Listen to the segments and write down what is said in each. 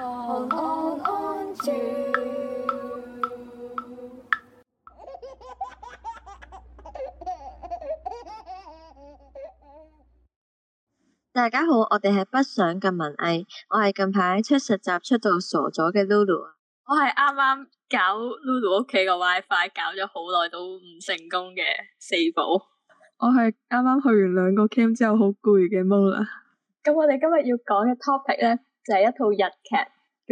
On, on, on, 大家好，我哋係不想嘅文藝，我係近排出實習出到傻咗嘅 Lulu，我係啱啱搞 Lulu 屋企個 WiFi 搞咗好耐都唔成功嘅四寶，我係啱啱去完兩個 camp 之後好攰嘅 Moon 啊，咁我哋今日要講嘅 topic 咧。就係一套日劇，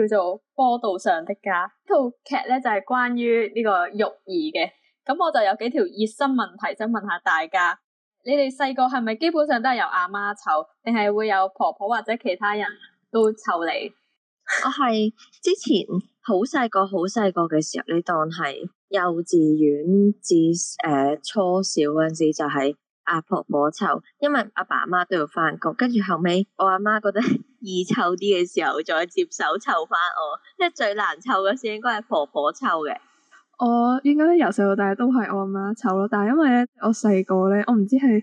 叫做《波道上的家》。套劇咧就係、是、關於呢個育兒嘅。咁我就有幾條熱身問題想問下大家：你哋細個係咪基本上都係由阿媽湊，定係會有婆婆或者其他人都湊你？我係之前好細個、好細個嘅時候，你當係幼稚園至誒、呃、初小嗰陣時，就係阿婆婆湊，因為阿爸阿媽都要翻工。跟住後尾，我阿媽覺得。 易湊啲嘅時候再接手湊翻我，即係最難湊嗰時應該係婆婆湊嘅。我應該由細到大都係我阿媽湊咯，但係因為咧我細個咧，我唔知係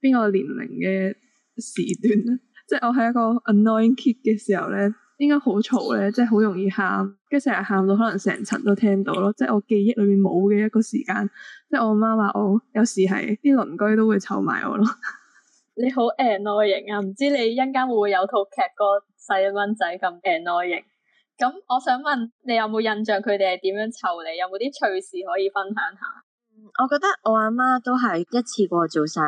邊個年齡嘅時段啦，即係我係一個 annoying kid 嘅時候咧，應該好嘈咧，即係好容易喊，跟成日喊到可能成層都聽到咯，即係我記憶裏面冇嘅一個時間，即係我阿媽話我有時係啲鄰居都會湊埋我咯。你好 annoying 啊！唔知你一陣間會唔會有套劇個細蚊仔咁 annoying？咁我想問你有冇印象佢哋係點樣湊你？有冇啲趣事可以分享下？我覺得我阿媽都係一次過做晒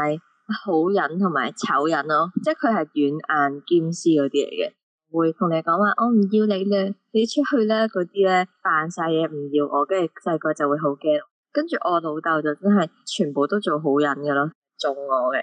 好人同埋醜人咯，即係佢係軟硬兼施嗰啲嚟嘅，會同你講話我唔要你啦，你出去啦，啲咧，扮晒嘢唔要我，跟住細個就會好驚。跟住我老豆就真係全部都做好人㗎咯，縱我嘅。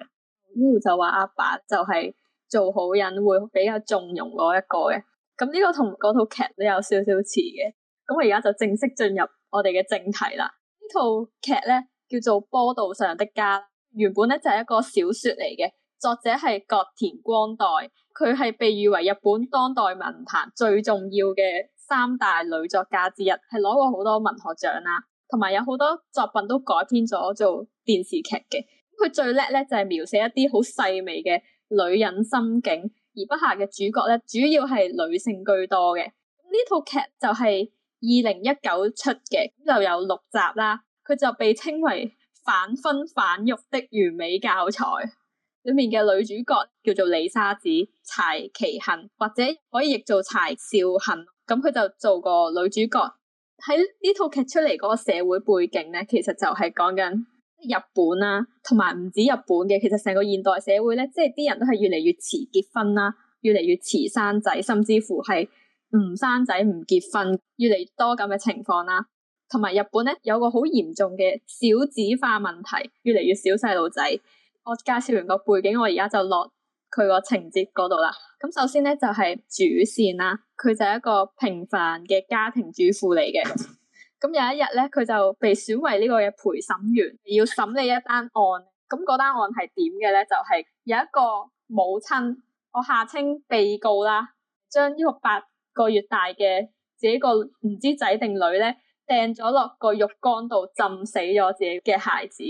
就話阿爸，爸就係做好人會比較縱容我一個嘅，咁呢個同嗰套劇都有少少似嘅，咁我而家就正式進入我哋嘅正題啦。呢套劇咧叫做《坡道上的家》，原本咧就係、是、一個小說嚟嘅，作者係角田光代，佢係被譽為日本當代文壇最重要嘅三大女作家之一，係攞過好多文學獎啦，同埋有好多作品都改編咗做電視劇嘅。佢最叻咧，就係描寫一啲好細微嘅女人心境，而筆下嘅主角咧，主要係女性居多嘅。呢套劇就係二零一九出嘅，咁就有六集啦。佢就被稱為「反婚反育」的完美教材。裏面嘅女主角叫做李沙子柴崎幸，或者可以譯做柴少幸。咁佢就做個女主角喺呢套劇出嚟嗰個社會背景咧，其實就係講緊。日本啦、啊，同埋唔止日本嘅，其實成個現代社會咧，即係啲人都係越嚟越遲結婚啦、啊，越嚟越遲生仔，甚至乎係唔生仔、唔結婚，越嚟越多咁嘅情況啦、啊。同埋日本咧有個好嚴重嘅少子化問題，越嚟越少細路仔。我介紹完個背景，我而家就落佢個情節嗰度啦。咁首先咧就係、是、主線啦、啊，佢就係一個平凡嘅家庭主婦嚟嘅。咁有一日咧，佢就被選為呢個嘅陪審員，要審理一單案。咁嗰單案係點嘅咧？就係有一個母親，我下稱被告啦，將呢個八個月大嘅自己個唔知仔定女咧掟咗落個浴缸度，浸死咗自己嘅孩子。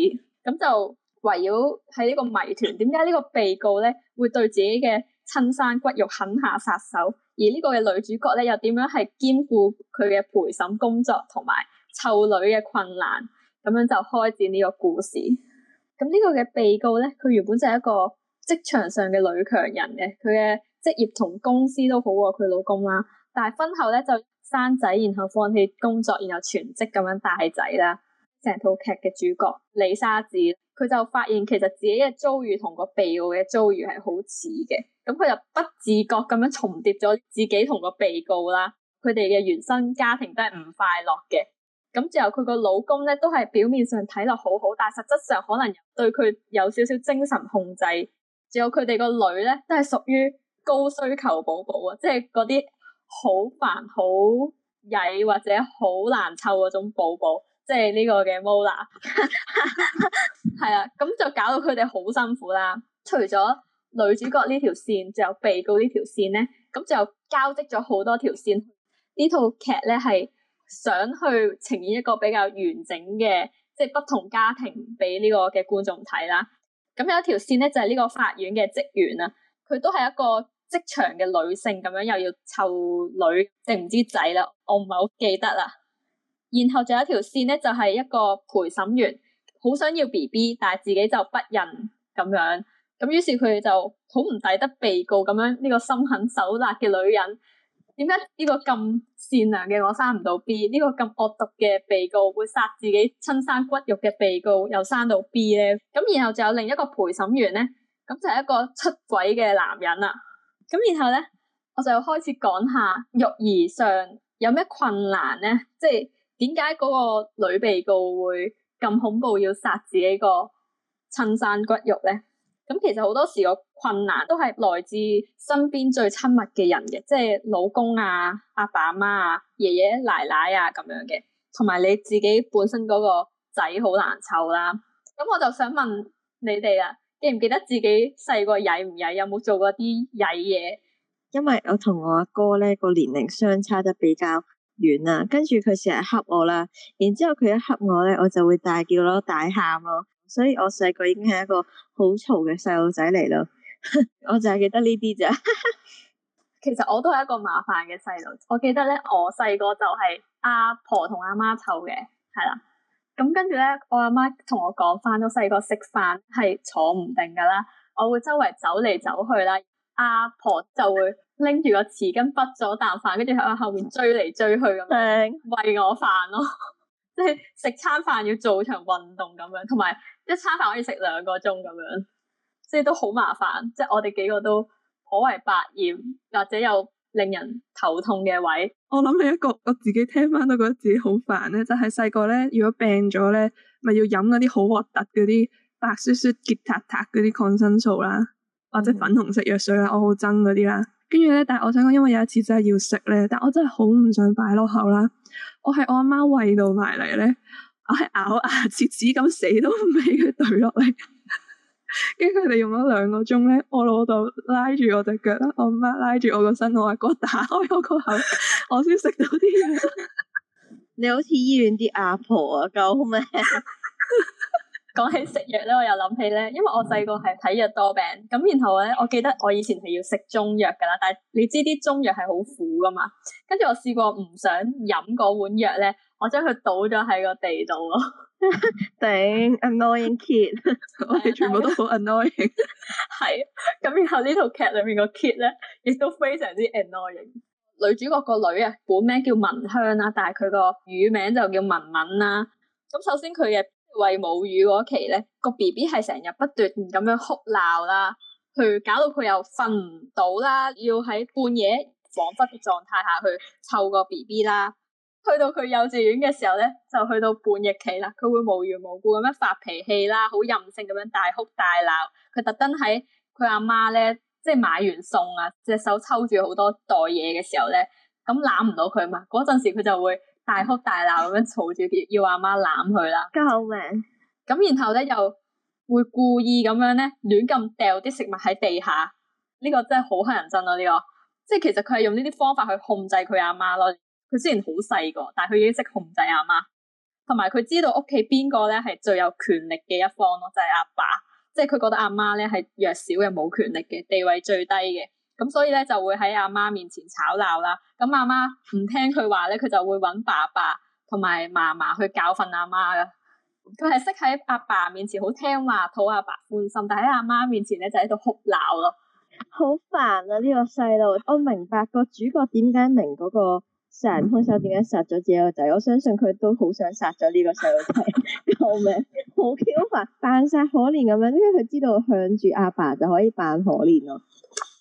咁就圍繞喺呢個謎團，點解呢個被告咧會對自己嘅親生骨肉狠下殺手？而呢個嘅女主角咧，又點樣係兼顧佢嘅陪審工作同埋湊女嘅困難，咁樣就開展呢個故事。咁呢個嘅被告咧，佢原本就係一個職場上嘅女強人嘅，佢嘅職業同公司都好啊，佢老公啦，但係婚後咧就生仔，然後放棄工作，然後全職咁樣帶仔啦。成套劇嘅主角李沙子。佢就發現其實自己嘅遭遇同個被告嘅遭遇係好似嘅，咁佢就不自覺咁樣重疊咗自己同個被告啦。佢哋嘅原生家庭都係唔快樂嘅，咁最後佢個老公咧都係表面上睇落好好，但係實質上可能對佢有少少精神控制。仲有佢哋個女咧都係屬於高需求寶寶啊，即係嗰啲好煩、好曳或者好難湊嗰種寶寶，即係呢個嘅 Mona。 係啊，咁就搞到佢哋好辛苦啦。除咗女主角呢條線，仲有被告呢條線咧，咁就交織咗好多條線。呢套劇咧係想去呈現一個比較完整嘅，即係不同家庭俾呢個嘅觀眾睇啦。咁有一條線咧就係呢個法院嘅職員啊，佢都係一個職場嘅女性，咁樣又要湊女定唔知仔啦，我唔係好記得啦。然後仲有一條線咧就係一個陪審員。好想要 B B，但係自己就不孕咁樣咁，於是佢就好唔抵得，被告咁樣呢個心狠手辣嘅女人。點解呢個咁善良嘅我生唔到 B？呢個咁惡毒嘅被告會殺自己親生骨肉嘅被告，又生到 B 咧？咁然後就有另一個陪審員咧，咁就係一個出軌嘅男人啦。咁然後咧，我就要開始講下育兒上有咩困難咧？即係點解嗰個女被告會？咁恐怖要殺自己個親生骨肉咧？咁其實好多時個困難都係來自身邊最親密嘅人嘅，即係老公啊、阿爸媽啊、爺爺奶奶啊咁樣嘅，同埋你自己本身嗰個仔好難湊啦。咁我就想問你哋啦，記唔記得自己細個曳唔曳？有冇做過啲曳嘢？因為我同我阿哥咧個年齡相差得比較。完啦，跟住佢成日恰我啦，然之後佢一恰我咧，我就會大叫咯，大喊咯，所以我細個已經係一個好嘈嘅細路仔嚟咯。 我就係記得呢啲咋。其實我都係一個麻煩嘅細路。我記得咧，我細個就係阿婆同阿媽湊嘅，係啦。咁跟住咧，我阿媽同我講翻咗，細個食飯係坐唔定噶啦，我會周圍走嚟走去啦，阿婆就會。 拎住個匙羹滗咗啖飯，跟住喺我後面追嚟追去咁，餵我飯咯，即係食餐飯要做場運動咁樣，同埋一餐飯可以食兩個鐘咁樣，即係都好麻煩。即係我哋幾個都頗為百厭，或者有令人頭痛嘅位。我諗起一個，我自己聽翻都覺得自己好煩咧。就係細個咧，如果病咗咧，咪要飲嗰啲好核突嗰啲白雪雪、結塔塔嗰啲抗生素啦，或者粉紅色藥水啦，我好憎嗰啲啦。嗯跟住咧，但係我想講，因為有一次真係要食咧，但我真係好唔想擺落口啦。我係我阿媽，媽餵到埋嚟咧，我係咬牙切齒，只、啊、敢死都唔俾佢懟落嚟。跟住佢哋用咗兩個鐘咧，我老豆拉住我隻腳啦，我阿媽，媽拉住我個身，我話：哥打開我個口， 我先食到啲嘢。 你好似醫院啲阿婆啊，夠咩、啊？ 講起食藥咧，我又諗起咧，因為我細個係體弱多病，咁然後咧，我記得我以前係要食中藥噶啦，但係你知啲中藥係好苦噶嘛，跟住我試過唔想飲嗰碗藥咧，我將佢倒咗喺個地度咯。頂，annoying kid，我哋全部都好 annoying。 係，咁然後劇，呢套劇裏面個 kid 咧，亦都非常之 annoying。女主角個女啊，本名叫文香啦，但係佢個乳名就叫文文啦。咁首先佢嘅。喂母乳嗰期咧，個 B B 係成日不斷咁樣哭鬧啦，去搞到佢又瞓唔到啦，要喺半夜恍惚嘅狀態下去湊個 B B 啦。去到佢幼稚園嘅時候咧，就去到半日期啦，佢會無緣無故咁樣發脾氣啦，好任性咁樣大哭大鬧。佢特登喺佢阿媽咧，即係買完餸啊，隻手抽住好多袋嘢嘅時候咧，咁攬唔到佢嘛。嗰陣時佢就會，大哭大鬧咁樣嘈住，要要阿媽攬佢啦。救命！咁然後咧又會故意咁樣咧亂咁掉啲食物喺地下，呢個真係好乞人憎咯。呢個即係其實佢係用呢啲方法去控制佢阿媽咯。佢雖然好細個，但係佢已經識控制阿媽，同埋佢知道屋企邊個咧係最有權力嘅一方咯，就係阿爸。即係佢覺得阿媽咧係弱小嘅、冇權力嘅、地位最低嘅。咁所以咧就會喺阿媽，媽面前吵鬧啦。咁、嗯、阿媽唔聽佢話咧，佢就會揾爸爸同埋嫲嫲去教訓阿媽噶。佢係識喺阿爸，爸面前好聽話討阿爸歡心，但喺阿媽，媽面前咧就喺度哭鬧咯。好煩啊！呢、這個細路，我明白、那個主角點解明嗰個殺人凶手點解殺咗自己個仔。我相信佢都好想殺咗呢個細路仔。 救命！好 Q 煩，扮晒，可憐咁樣，因為佢知道向住阿爸，爸就可以扮可憐咯。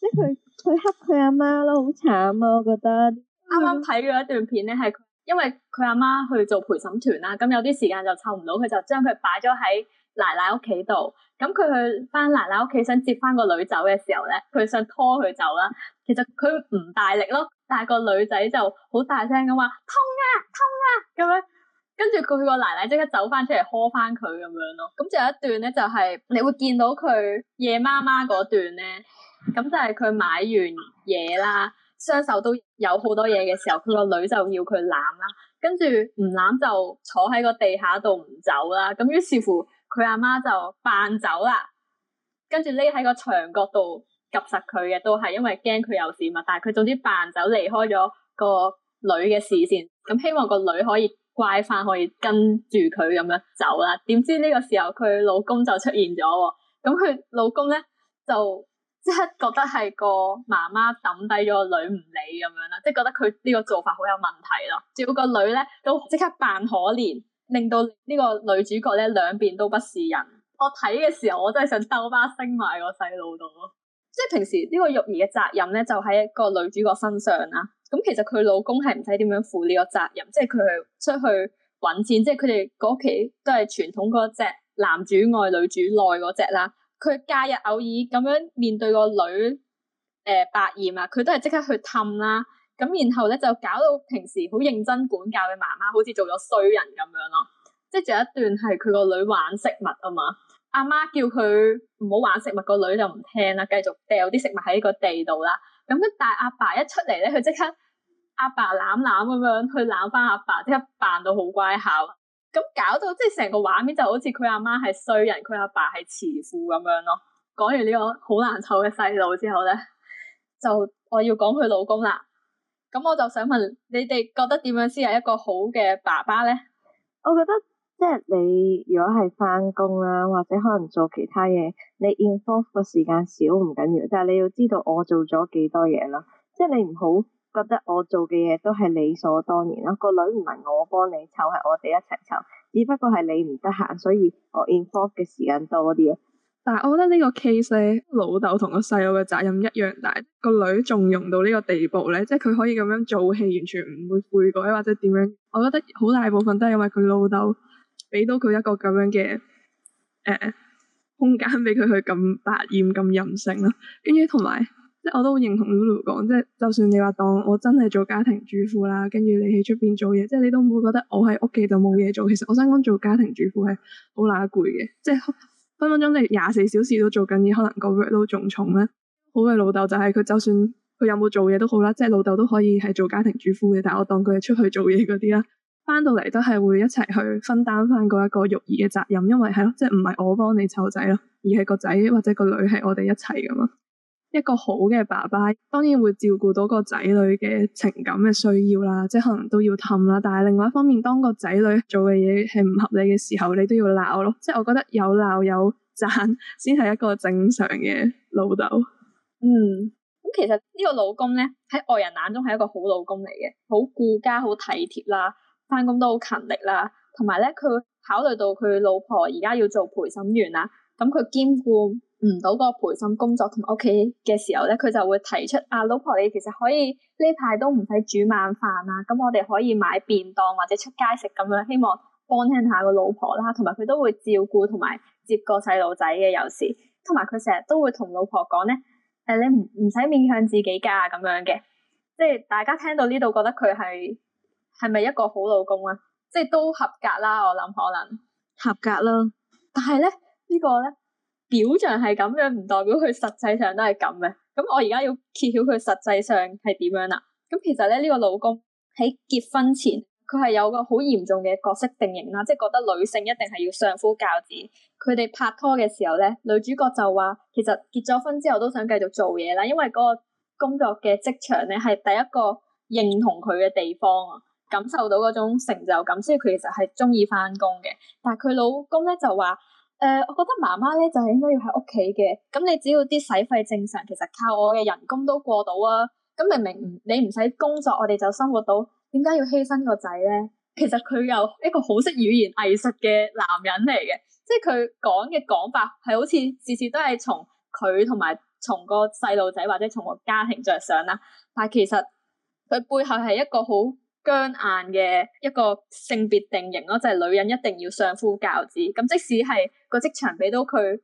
即係佢。佢黑佢阿媽咯，好慘啊！我覺得啱啱睇咗一段片咧，係因為佢阿媽去做陪審團啦，咁有啲時間就湊唔到，佢就將佢擺咗喺奶奶屋企度。咁佢去翻奶奶屋企想接翻個女走嘅時候咧，佢想拖佢走啦。其實佢唔大力咯，但係個女仔就好大聲咁話痛啊痛啊咁樣。跟住佢個奶奶即刻走翻出嚟呵翻佢咁樣咯。咁就有一段咧、就係，就係你會見到佢夜媽媽嗰段咧。咁就係佢買完嘢啦，雙手都有好多嘢嘅時候，佢個女就要佢攬啦，跟住唔攬就坐喺個地下度唔走啦。咁於是乎媽媽，佢阿媽就扮走啦，跟住匿喺個牆角度夾實佢嘅，都係因為驚佢有事物。但係佢總之扮走離開咗個女嘅視線，咁希望個女可以乖翻，可以跟住佢咁樣走啦。點知呢個時候佢老公就出現咗，咁佢老公咧就。即係覺得係個媽媽抌低咗個女唔理咁樣啦，即係覺得佢呢個做法好有問題咯。仲有個女咧都即刻扮可憐，令到呢個女主角咧兩邊都不是人。我睇嘅時候，我真係想兜巴星埋個細路度咯。即係平時呢個育兒嘅責任咧，就喺一個女主角身上啦。咁其實佢老公係唔使點樣負呢個責任，即係佢係出去揾錢，即係佢哋個屋企都係傳統嗰隻男主外女主內嗰隻啦。佢假日偶爾咁樣面對個女，誒，百厭啊，佢都係即刻去氹啦。咁然後咧就搞到平時好認真管教嘅媽媽，好似做咗衰人咁樣咯。即係仲有一段係佢個女玩食物啊嘛，阿媽叫佢唔好玩食物，個女就唔聽啦，繼續掉啲食物喺個地度啦。咁但係阿爸一出嚟咧，佢即刻阿爸攬攬咁樣去攬翻阿爸，即刻扮到好乖巧。咁搞到即係成個畫面就好似佢阿媽係衰人，佢阿爸係慈父咁樣咯。講完呢個好難湊嘅細路之後咧，就我要講佢老公啦。咁我就想問你哋覺得點樣先係一個好嘅爸爸咧？我覺得即係你如果係返工啦，或者可能做其他嘢，你 involve 嘅時間少唔緊要，但係你要知道我做咗幾多嘢咯。即係你唔好。覺得我做嘅嘢都係理所當然啦、啊，個女唔係我幫你湊，係我哋一齊湊，只不過係你唔得閒，所以我 involve 嘅時間多啲咯、啊。但係我覺得呢個 case 咧，老豆同個細佬嘅責任一樣大，但個女縱容到呢個地步咧，即係佢可以咁樣做戲，完全唔會悔改，或者點樣？我覺得好大部分都係因為佢老豆俾到佢一個咁樣嘅誒、呃、空間俾佢去咁百厭、咁任性啦，跟住同埋。即係我都好認同 Lulu 講，即係就算你話當我真係做家庭主婦啦，跟住你喺出邊做嘢，即係你都唔會覺得我喺屋企就冇嘢做。其實我想講做家庭主婦係好乸攰嘅，即係分分鐘即係廿四小時都做緊嘢，可能個 work 都仲重咧。好嘅老豆就係，佢，就算佢有冇做嘢都好啦，即係老豆都可以係做家庭主婦嘅。但係我當佢係出去做嘢嗰啲啦，翻到嚟都係會一齊去分擔翻嗰一個育兒嘅責任，因為係咯，即係唔係我幫你湊仔咯，而係個仔或者個女係我哋一齊噶嘛。一個好嘅爸爸，當然會照顧到個仔女嘅情感嘅需要啦，即可能都要氹啦。但係另外一方面，當個仔女做嘅嘢係唔合理嘅時候，你都要鬧咯。即我覺得有鬧有讚，先係一個正常嘅老豆。嗯，咁其實呢個老公呢，喺外人眼中係一個好老公嚟嘅，好顧家、好體貼啦，翻工都好勤力啦，同埋呢，佢考慮到佢老婆而家要做陪審員啦，咁佢兼顧。唔到個陪審工作同屋企嘅時候咧，佢就會提出啊，老婆，你其實可以呢排都唔使煮晚飯啊，咁我哋可以買便當或者出街食咁樣，希望幫輕下個老婆啦。同埋佢都會照顧同埋接個細路仔嘅有時，同埋佢成日都會同老婆講咧，誒、啊、你唔唔使勉強自己噶咁樣嘅。即係大家聽到呢度覺得佢係係咪一個好老公啊？即係都合格啦，我諗可能合格咯。但係咧呢個咧。表象係咁樣，唔代表佢實際上都係咁嘅。咁我而家要揭曉佢實際上係點樣啦？咁其實咧，呢個老公喺結婚前，佢係有個好嚴重嘅角色定型啦，即係覺得女性一定係要相夫教子。佢哋拍拖嘅時候咧，女主角就話：其實結咗婚之後都想繼續做嘢啦，因為嗰個工作嘅職場咧係第一個認同佢嘅地方啊，感受到嗰種成就感，所以佢其實係中意翻工嘅。但係佢老公咧就話。誒、呃，我覺得媽媽咧就係、是、應該要喺屋企嘅。咁你只要啲使費正常，其實靠我嘅人工都過到啊。咁明明唔，你唔使工作，我哋就生活到。點解要犧牲個仔咧？其實佢又一個好識語言藝術嘅男人嚟嘅，即係佢講嘅講法係好似次次都係從佢同埋從個細路仔或者從個家庭着想啦。但係其實佢背後係一個好。僵硬嘅一個性別定型咯，就係、是、女人一定要相夫教子。咁即使係個職場俾到佢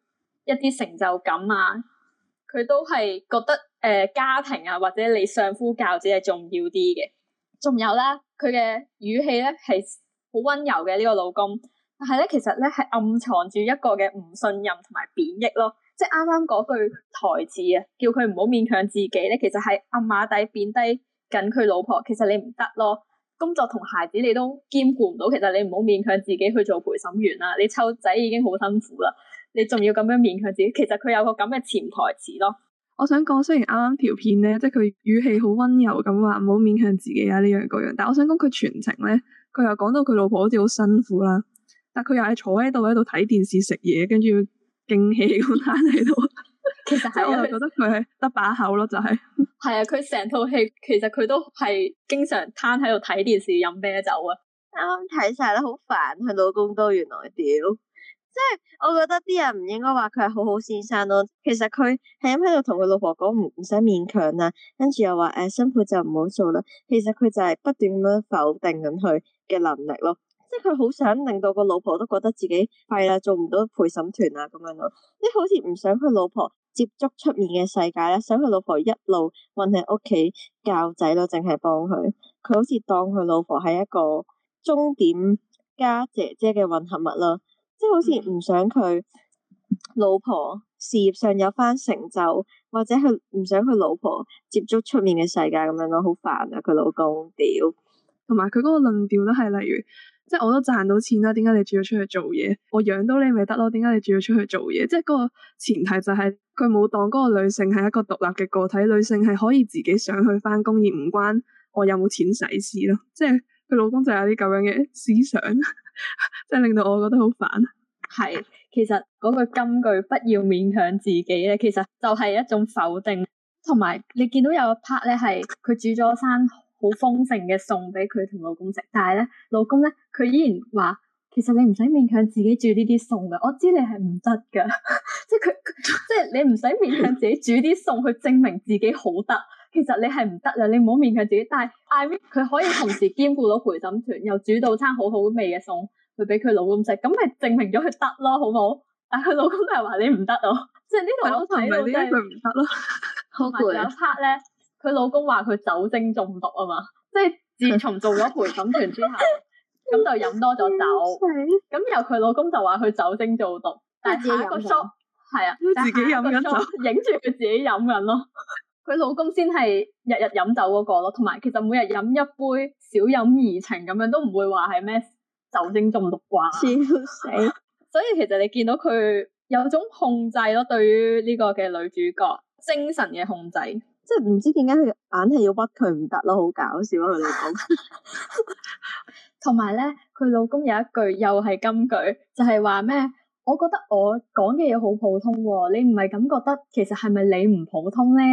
一啲成就感啊，佢都係覺得誒、呃、家庭啊或者你相夫教子係重要啲嘅。仲有啦，佢嘅語氣咧係好温柔嘅呢、這個老公，但係咧其實咧係暗藏住一個嘅唔信任同埋貶抑咯。即係啱啱嗰句台詞啊，叫佢唔好勉強自己咧，其實係暗啞底貶低。跟佢老婆，其實你唔得咯，工作同孩子你都兼顧唔到。其實你唔好勉強自己去做陪審員啦，你湊仔已經好辛苦啦，你仲要咁樣勉強自己。其實佢有個咁嘅潛台詞咯。我想講，雖然啱啱條片咧，即係佢語氣好温柔咁話，唔好勉強自己啊，呢樣嗰樣。但係我想講佢全程咧，佢又講到佢老婆好似好辛苦啦，但佢又係坐喺度喺度睇電視食嘢，跟住勁喜咁攤喺度。 其實係， 我就覺得佢係得把口咯，就 係樂。係 啊，佢成套戲其實佢都係經常攤喺度睇電視飲啤酒啊。啱啱睇晒，咧，好煩佢老公都，原來屌，即係我覺得啲人唔應該話佢係好好先生咯。其實佢係咁喺度同佢老婆講唔唔使勉強啊，跟住又話誒辛苦就唔好做啦。其實佢就係不斷咁樣否定緊佢嘅能力咯，即係佢好想令到個老婆都覺得自己廢啦，做唔到陪審團啊咁樣咯，即係好似唔想佢老婆。接觸出面嘅世界咧，想佢老婆一路混喺屋企教仔咯，淨係幫佢。佢好似當佢老婆係一個終點加姐姐嘅混合物咯，嗯、即係好似唔想佢老婆事業上有翻成就，或者佢唔想佢老婆接觸出面嘅世界咁樣咯，好煩啊！佢老公屌，同埋佢嗰個論調都係例如，即係我都賺到錢啦，點解你仲要出去做嘢？我養到你咪得咯，點解你仲要出去做嘢？即係嗰個前提就係佢冇當嗰個女性係一個獨立嘅個體，女性係可以自己上去翻工，而唔關我有冇錢使事咯。即係佢老公就有啲咁樣嘅思想， 即係令到我覺得好煩。係，其實嗰句金句不要勉強自己咧，其實就係一種否定。同埋你見到有一 part 咧，係佢煮咗餐。好豐盛嘅餸俾佢同老公食，但係咧老公咧佢依然話，其實你唔使勉強自己煮呢啲餸嘅，我知你係唔得噶，即係佢即係你唔使勉強自己煮啲餸去證明自己好得，其實你係唔得啦，你唔好勉強自己。但係 I mean, 佢可以同時兼顧到陪審團，又煮到餐好好味嘅餸去俾佢老公食，咁咪證明咗佢得咯，好唔好？但係佢老公都係話你唔 得咯，即係 累呢度我睇到即佢唔得咯，好攰。有 part 咧。佢老公話佢酒精中毒啊嘛，即係自從做咗陪審團之後，咁 就飲多咗酒。咁 由佢老公就話佢酒精中毒，但係下個 shot, 係啊，個 shot, 自己飲緊酒，影住佢自己飲緊咯。佢老公先係日日飲酒嗰個咯，同埋其實每日飲一杯少飲怡情咁樣都唔會話係咩酒精中毒啩。笑死！ 所以其實你見到佢有種控制咯，對於呢個嘅女主角精神嘅控制。即係唔知點解佢硬係要屈佢唔得咯，好搞笑啊佢老公。同埋咧，佢 老公有一句又係金句，就係話咩？我覺得我講嘅嘢好普通喎，哦，你唔係咁覺得？其實係咪你唔普通咧？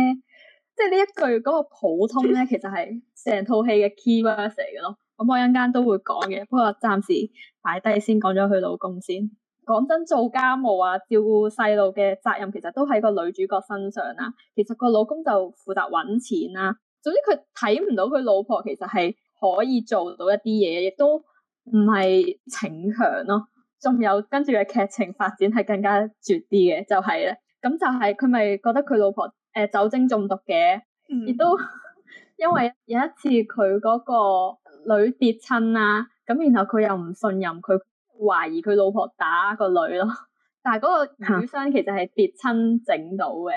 即係呢一句嗰個普通咧，其實係成套戲嘅 keywords 嚟嘅咯。咁我一陣間都會講嘅，不過暫時擺低先講咗佢老公先。講真，講做家務啊、照顧細路嘅責任，其實都喺個女主角身上啦、啊。其實個老公就負責搵錢啦、啊。總之佢睇唔到佢老婆其實係可以做到一啲嘢，亦都唔係逞強咯。仲有跟住嘅劇情發展係更加絕啲嘅，就係、是、咧，咁就係佢咪覺得佢老婆誒、呃、酒精中毒嘅，亦、嗯、都因為有一次佢嗰個女跌親啊，咁然後佢又唔信任佢。懷疑佢老婆打個女咯，但係嗰個瘀傷其實係跌親整到嘅。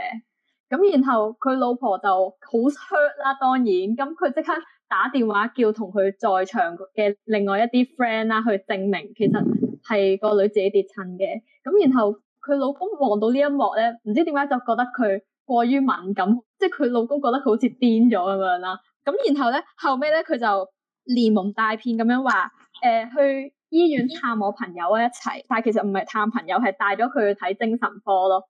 咁然後佢老婆就好 hurt 啦，當然。咁佢即刻打電話叫同佢在場嘅另外一啲 friend 啦去證明，其實係個女自己跌親嘅。咁然後佢老公望到呢一幕咧，唔知點解就覺得佢過於敏感，即係佢老公覺得佢好似癲咗咁樣啦。咁然後咧，後尾咧佢就連蒙帶騙咁樣話，誒、呃、去醫院探我朋友啊一齊，但係其實唔係探朋友，係帶咗佢去睇精神科咯。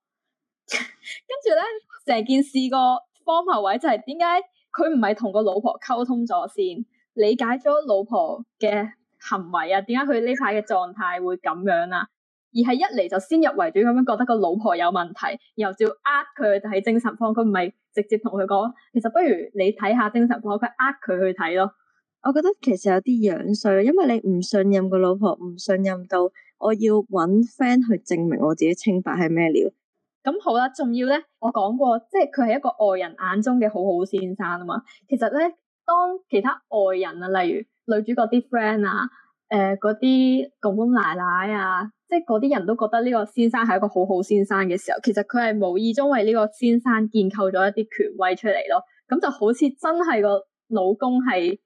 跟住咧，成件事個方頭位就係點解佢唔係同個老婆溝通咗先，理解咗老婆嘅行為啊？點解佢呢排嘅狀態會咁樣啊？而係一嚟就先入為主咁樣覺得個老婆有問題，然後就呃佢去睇精神科，佢唔係直接同佢講，其實不如你睇下精神科，佢呃佢去睇咯。我覺得其實有啲樣衰，因為你唔信任個老婆，唔信任到我要搵 friend 去證明我自己清白係咩料。咁好啦，仲要咧，我講過，即係佢係一個外人眼中嘅好好先生啊嘛。其實咧，當其他外人啊，例如女主角啲 friend 啊，誒嗰啲公公奶奶啊，即係嗰啲人都覺得呢個先生係一個好好先生嘅時候，其實佢係無意中為呢個先生建構咗一啲權威出嚟咯。咁就好似真係個老公係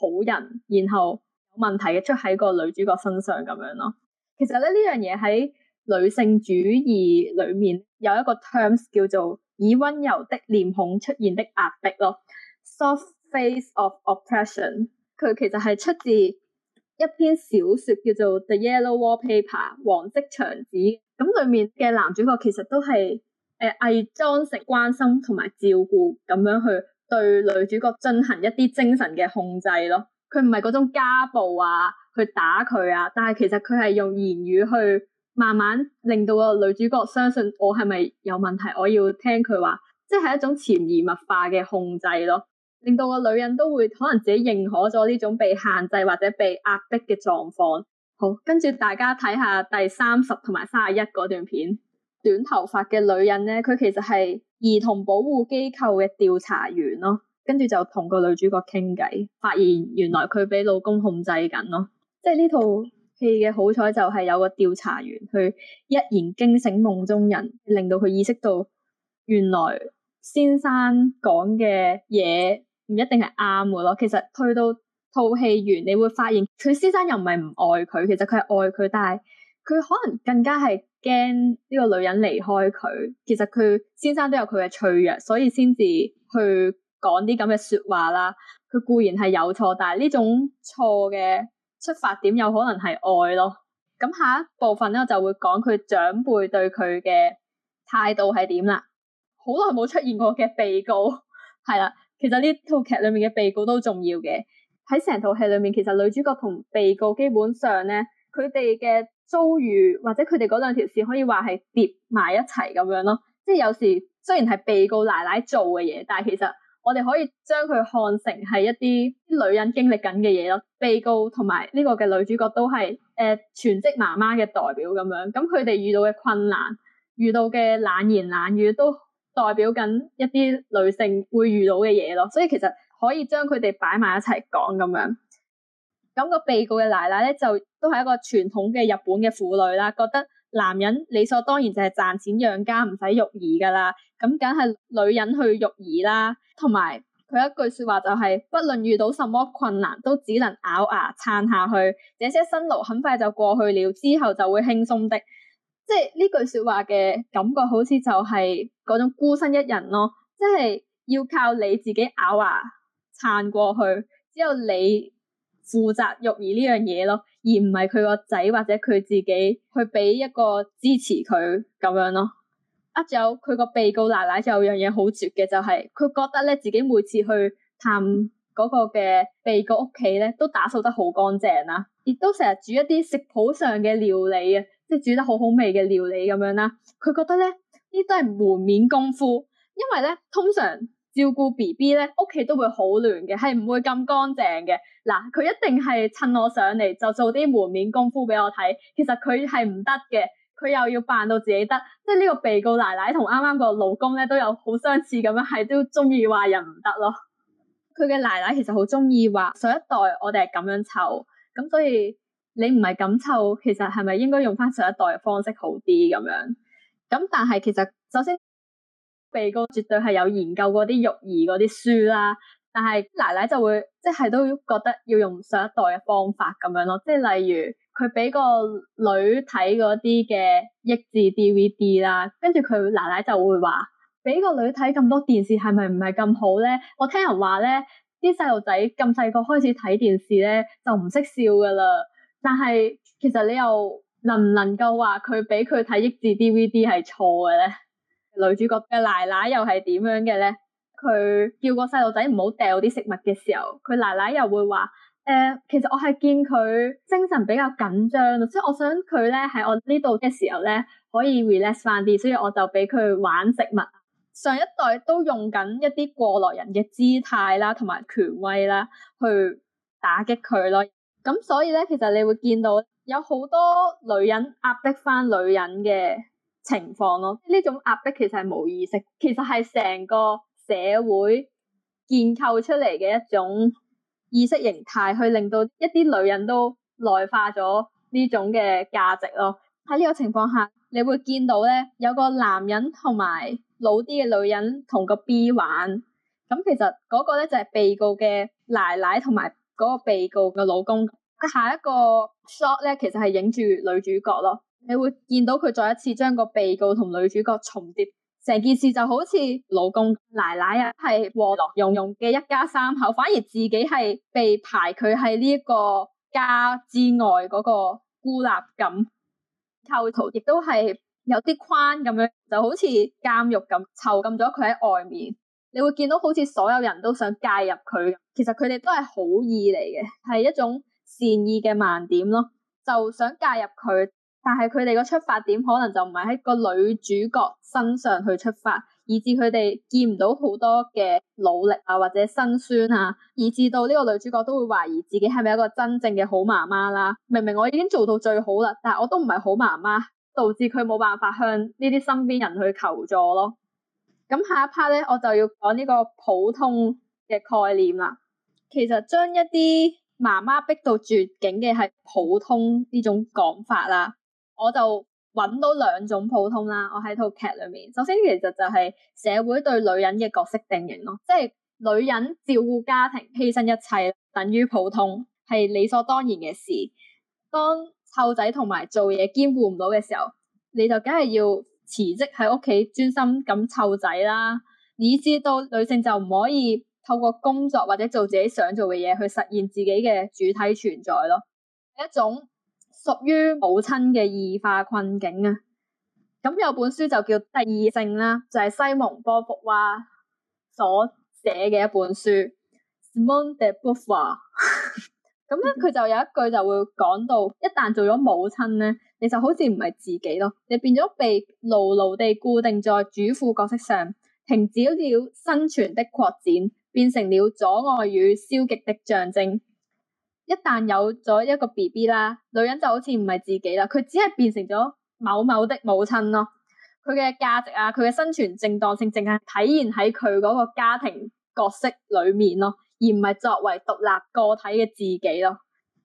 好人，然後有問題嘅出喺個女主角身上咁樣咯。其實咧呢樣嘢喺女性主義裡面有一個 terms 叫做以溫柔的臉孔出現的壓迫咯，soft face of oppression。佢其實係出自一篇小說叫做《The Yellow Wallpaper》黃色牆紙。咁、嗯、裡面嘅男主角其實都係誒偽裝成關心同埋照顧咁樣去。對女主角進行一啲精神嘅控制咯，佢唔係嗰種家暴啊，去打佢啊，但係其實佢係用言語去慢慢令到個女主角相信我係咪有問題，我要聽佢話，即係一種潛移默化嘅控制咯，令到個女人都會可能自己認可咗呢種被限制或者被壓迫嘅狀況。好，跟住大家睇下第三十同埋三十一嗰段片。短頭髮嘅女人呢，佢其實係兒童保護機構嘅調查員咯，跟住就同個女主角傾偈，發現原來佢俾老公控制緊咯。即係呢套戲嘅好彩就係有個調查員佢一言驚醒夢中人，令到佢意識到原來先生講嘅嘢唔一定係啱嘅咯。其實去到套戲完，你會發現佢先生又唔係唔愛佢，其實佢係愛佢，但係佢可能更加係。驚呢個女人離開佢，其實佢先生都有佢嘅脆弱，所以先至去講啲咁嘅說話啦。佢固然係有錯，但係呢種錯嘅出發點有可能係愛咯。咁下一部分咧，我就會講佢長輩對佢嘅態度係點啦。好耐冇出現過嘅被告，係 啦。其實呢套劇裏面嘅被告都重要嘅。喺成套戲裏面，其實女主角同被告基本上咧，佢哋嘅。遭遇或者佢哋嗰兩條線可以話係疊埋一齊咁樣咯，即係有時雖然係被告奶奶做嘅嘢，但係其實我哋可以將佢看成係一啲女人經歷緊嘅嘢咯。被告同埋呢個嘅女主角都係誒、呃、全職媽媽嘅代表咁樣，咁佢哋遇到嘅困難、遇到嘅冷言冷語，都代表緊一啲女性會遇到嘅嘢咯。所以其實可以將佢哋擺埋一齊講咁樣。咁個被告嘅奶奶咧，就都係一個傳統嘅日本嘅婦女啦。覺得男人理所當然就係賺錢養家，唔使育兒噶啦。咁梗係女人去育兒啦。同埋佢一句説話就係，不論遇到什麼困難，都只能咬牙撐下去。這些辛勞很快就過去了，之後就會輕鬆的。即係呢句説話嘅感覺，好似就係嗰種孤身一人咯，即係要靠你自己咬牙撐過去，只有你負責育兒呢樣嘢咯，而唔係佢個仔或者佢自己去俾一個支持佢咁樣咯。啊，仲有佢個被告奶奶就有樣嘢好絕嘅，就係佢覺得咧自己每次去探嗰個嘅被告屋企咧，都打掃得好乾淨啦，亦都成日煮一啲食譜上嘅料理啊，即係煮得好好味嘅料理咁樣啦。佢覺得咧呢都係門面功夫，因為咧通常，照顧 B B 咧，屋企都會好亂嘅，係唔會咁乾淨嘅。嗱，佢一定係趁我上嚟就做啲門面功夫俾我睇，其實佢係唔得嘅。佢又要扮到自己得，即係呢個被告奶奶同啱啱個老公咧都有好相似咁樣，係都中意話人唔得咯。佢嘅奶奶其實好中意話上一代我，我哋係咁樣湊，咁所以你唔係咁湊，其實係咪應該用翻上一代嘅方式好啲咁樣？咁但係其實首先。被告絕對係有研究過啲育兒嗰啲書啦，但係奶奶就會即係都覺得要用上一代嘅方法咁樣咯。即係例如佢俾個女睇嗰啲嘅益智 DVD 啦，跟住佢奶奶就會話俾個女睇咁多電視係咪唔係咁好咧？我聽人話咧，啲細路仔咁細個開始睇電視咧就唔識笑噶啦。但係其實你又能唔能夠話佢俾佢睇益智 DVD 係錯嘅咧？女主角嘅奶奶又係點樣嘅咧？佢叫個細路仔唔好掉啲食物嘅時候，佢奶奶又會話：誒、呃，其實我係見佢精神比較緊張，所以我想佢咧喺我呢度嘅時候咧可以 relax 翻啲，所以我就俾佢玩食物。上一代都用緊一啲過來人嘅姿態啦，同埋權威啦，去打擊佢咯。咁所以咧，其實你會見到有好多女人壓迫翻女人嘅情況咯，呢種壓迫其實係冇意識，其實係成個社會建構出嚟嘅一種意識形態，去令到一啲女人都內化咗呢種嘅價值咯。喺呢個情況下，你會見到咧有個男人同埋老啲嘅女人同個 B 玩，咁其實嗰個咧就係被告嘅奶奶同埋嗰個被告嘅老公。下一個 shot 咧，其實係影住女主角咯。你會見到佢再一次將個被告同女主角重疊，成件事就好似老公奶奶啊，係和樂融融嘅一家三口，反而自己係被排佢喺呢一個家之外嗰個孤立感構圖，亦都係有啲框咁樣，就好似監獄咁囚禁咗佢喺外面。你會見到好似所有人都想介入佢，其實佢哋都係好意嚟嘅，係一種善意嘅盲點咯，就想介入佢。但係佢哋個出發點可能就唔係喺個女主角身上去出發，以致佢哋見唔到好多嘅努力啊，或者辛酸啊，以致到呢個女主角都會懷疑自己係咪一個真正嘅好媽媽啦。明明我已經做到最好啦，但係我都唔係好媽媽，導致佢冇辦法向呢啲身邊人去求助咯。咁下一 part 咧，我就要講呢個普通嘅概念啦。其實將一啲媽媽逼到絕境嘅係普通呢種講法啦。我就揾到兩種普通啦。我喺套劇裏面，首先其實就係社會對女人嘅角色定型咯，即係女人照顧家庭、犧牲一切，等於普通，係理所當然嘅事。當湊仔同埋做嘢兼顧唔到嘅時候，你就梗係要辭職喺屋企專心咁湊仔啦，以致到女性就唔可以透過工作或者做自己想做嘅嘢去實現自己嘅主體存在咯，一種。屬於母親嘅異化困境啊！咁有本書就叫《第二性》啦，就係、是、西蒙波伏娃所寫嘅一本書。Simone de Beauvoir，咁樣佢就有一句就會講到：一旦做咗母親咧，你就好似唔係自己咯，你變咗被牢牢地固定在主婦角色上，停止了生存的擴展，變成了阻礙與消極的象徵。一旦有咗一個 BB 啦，女人就好似唔係自己啦，佢只係變成咗某某的母親咯。佢嘅價值啊，佢嘅生存正當性，淨係體現喺佢嗰個家庭角色裏面咯，而唔係作為獨立個體嘅自己咯。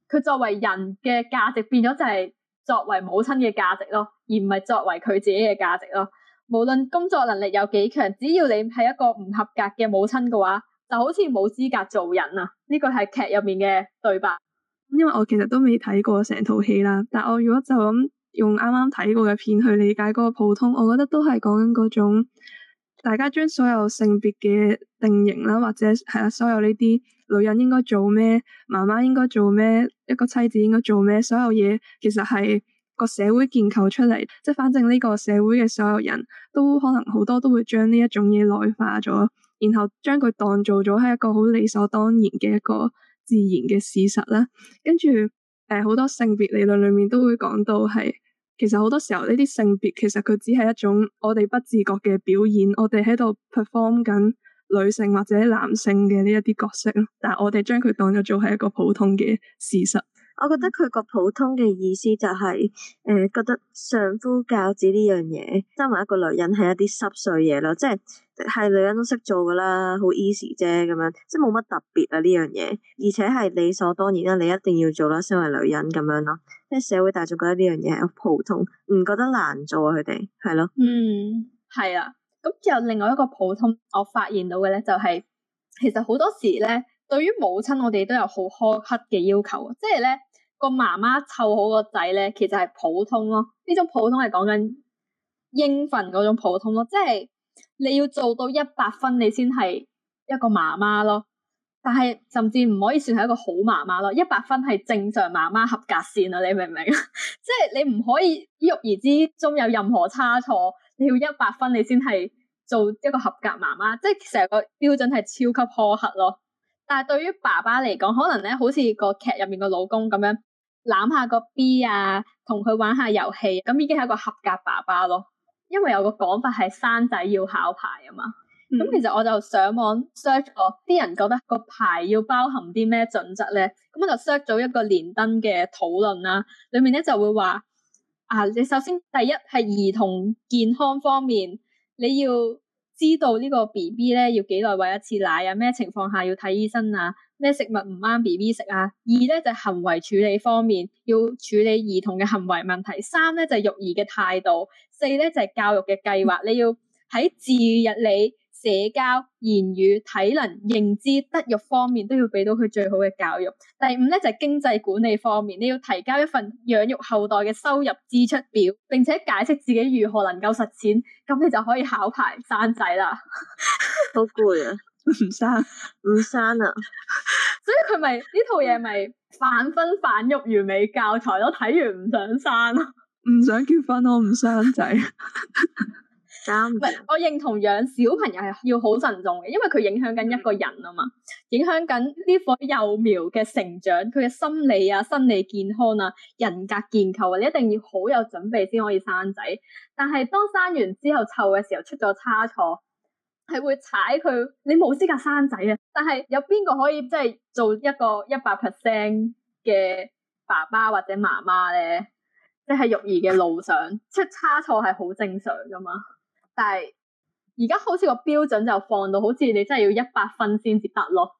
佢作為人嘅價值變咗就係作為母親嘅價值咯，而唔係作為佢自己嘅價值咯。無論工作能力有幾強，只要你係一個唔合格嘅母親嘅話，就好似冇資格做人啊！呢個係劇入面嘅對白。因為我其實都未睇過成套戲啦，但我如果就咁用啱啱睇過嘅片去理解嗰個普通，我覺得都係講緊嗰種大家將所有性別嘅定型啦，或者係啊，所有呢啲女人應該做咩，媽媽應該做咩，一個妻子應該做咩，所有嘢其實係個社會建構出嚟，即係反正呢個社會嘅所有人都可能好多都會將呢一種嘢內化咗。然後將佢當做咗係一個好理所當然嘅一個自然嘅事實啦，跟住誒，好多性別理論裏面都會講到係，其實好多時候呢啲性別其實佢只係一種我哋不自覺嘅表演，我哋喺度 perform 緊女性或者男性嘅呢一啲角色，但係我哋將佢當作做係一個普通嘅事實。我覺得佢個普通嘅意思就係、是，誒、呃，覺得相夫教子呢樣嘢，身為一個女人係一啲濕碎嘢咯，即係係女人都識做噶啦，好 easy 啫咁樣，即係冇乜特別啊呢樣嘢，而且係理所當然啦，你一定要做啦，身為女人咁樣咯，即係社會大眾覺得呢樣嘢係好普通，唔覺得難做啊佢哋，係咯。嗯，係啦、啊，咁有另外一個普通我發現到嘅咧、就是，就係其實好多時咧。.對於母親，我哋都有好苛刻嘅要求，即係咧個媽媽湊好個仔咧，其實係普通咯。呢種普通係講緊應份嗰種普通咯，即係你要做到一百分，你先係一個媽媽咯。但係甚至唔可以算係一個好媽媽咯。一百分係正常媽媽合格線啊！你明唔明？ 即係你唔可以育兒之中有任何差錯，你要一百分，你先係做一個合格媽媽。即係成個標準係超級苛刻咯。但係對於爸爸嚟講，可能咧好似個劇入面個老公咁樣攬下個 B 啊，同佢玩下遊戲，咁已經係一個合格爸爸咯。因為有個講法係生仔要考牌啊嘛。咁、嗯、其實我就上網 search 過，啲人覺得個牌要包含啲咩準則咧。咁我就 search 咗一個連登嘅討論啦，啊，裏面咧就會話，啊，你首先第一係兒童健康方面，你要。知道個寶寶呢個 B B 咧要幾耐餵一次奶啊？咩情況下要睇醫生啊？咩食物唔啱 B B 食啊？二咧就係、行為處理方面，要處理兒童嘅行為問題。三咧就係、育兒嘅態度。四咧就係教育嘅計劃。你要喺自日你。社交、言語、體能、認知、德育方面都要俾到佢最好嘅教育。第五咧就係、是、經濟管理方面，你要提交一份養育後代嘅收入支出表，並且解釋自己如何能夠實踐，咁你就可以考牌生仔啦。好攰啊！唔生唔生啊？所以佢咪呢套嘢咪反婚反育完美教材咯？睇完唔想生咯，唔想結婚，我唔生仔。 唔、嗯、我認同養小朋友係要好慎重嘅，因為佢影響緊一個人啊嘛，影響緊呢棵幼苗嘅成長，佢嘅心理啊、心理健康啊、人格建構啊，你一定要好有準備先可以生仔。但係當生完之後湊嘅時候出咗差錯，係會踩佢，你冇資格生仔啊！但係有邊個可以即係、就是、做一個一百 percent 嘅爸爸或者媽媽咧？即係育兒嘅路上出差錯係好正常㗎嘛？但係而家好似個標準就放到，好似你真係要一百分先至得咯。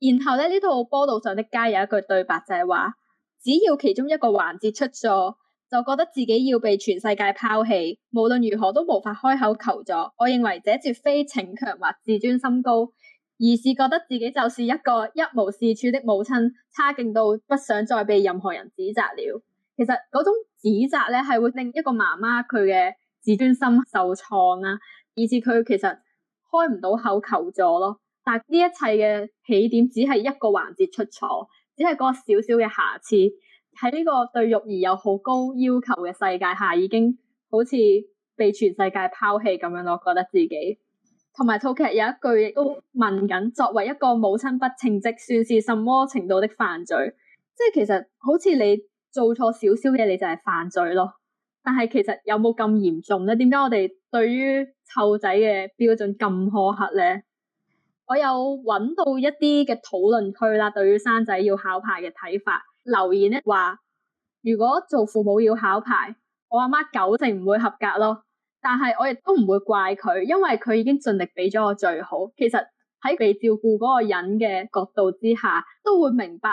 然後咧，呢套《坡道上的家》有一句對白就係話：只要其中一個環節出錯，就覺得自己要被全世界拋棄，無論如何都無法開口求助。我認為這絕非逞強或自尊心高，而是覺得自己就是一個一無是處的母親，差勁到不想再被任何人指責了。其實嗰種指責咧，係會令一個媽媽佢嘅。自尊心受創啦、啊，以至佢其實開唔到口求助咯。但係呢一切嘅起點，只係一個環節出錯，只係嗰個小小嘅瑕疵。喺呢個對育兒有好高要求嘅世界下，已經好似被全世界拋棄咁樣咯。覺得自己同埋套劇有一句亦都問緊：作為一個母親不稱職，算是什麼程度的犯罪？即係其實好似你做錯少少嘢，你就係犯罪咯。但係其實有冇咁嚴重咧？點解我哋對於湊仔嘅標準咁苛刻咧？我有揾到一啲嘅討論區啦，對於生仔要考牌嘅睇法留言咧，話如果做父母要考牌，我阿媽九成唔會合格咯。但係我亦都唔會怪佢，因為佢已經盡力俾咗我最好。其實喺被照顧嗰個人嘅角度之下，都會明白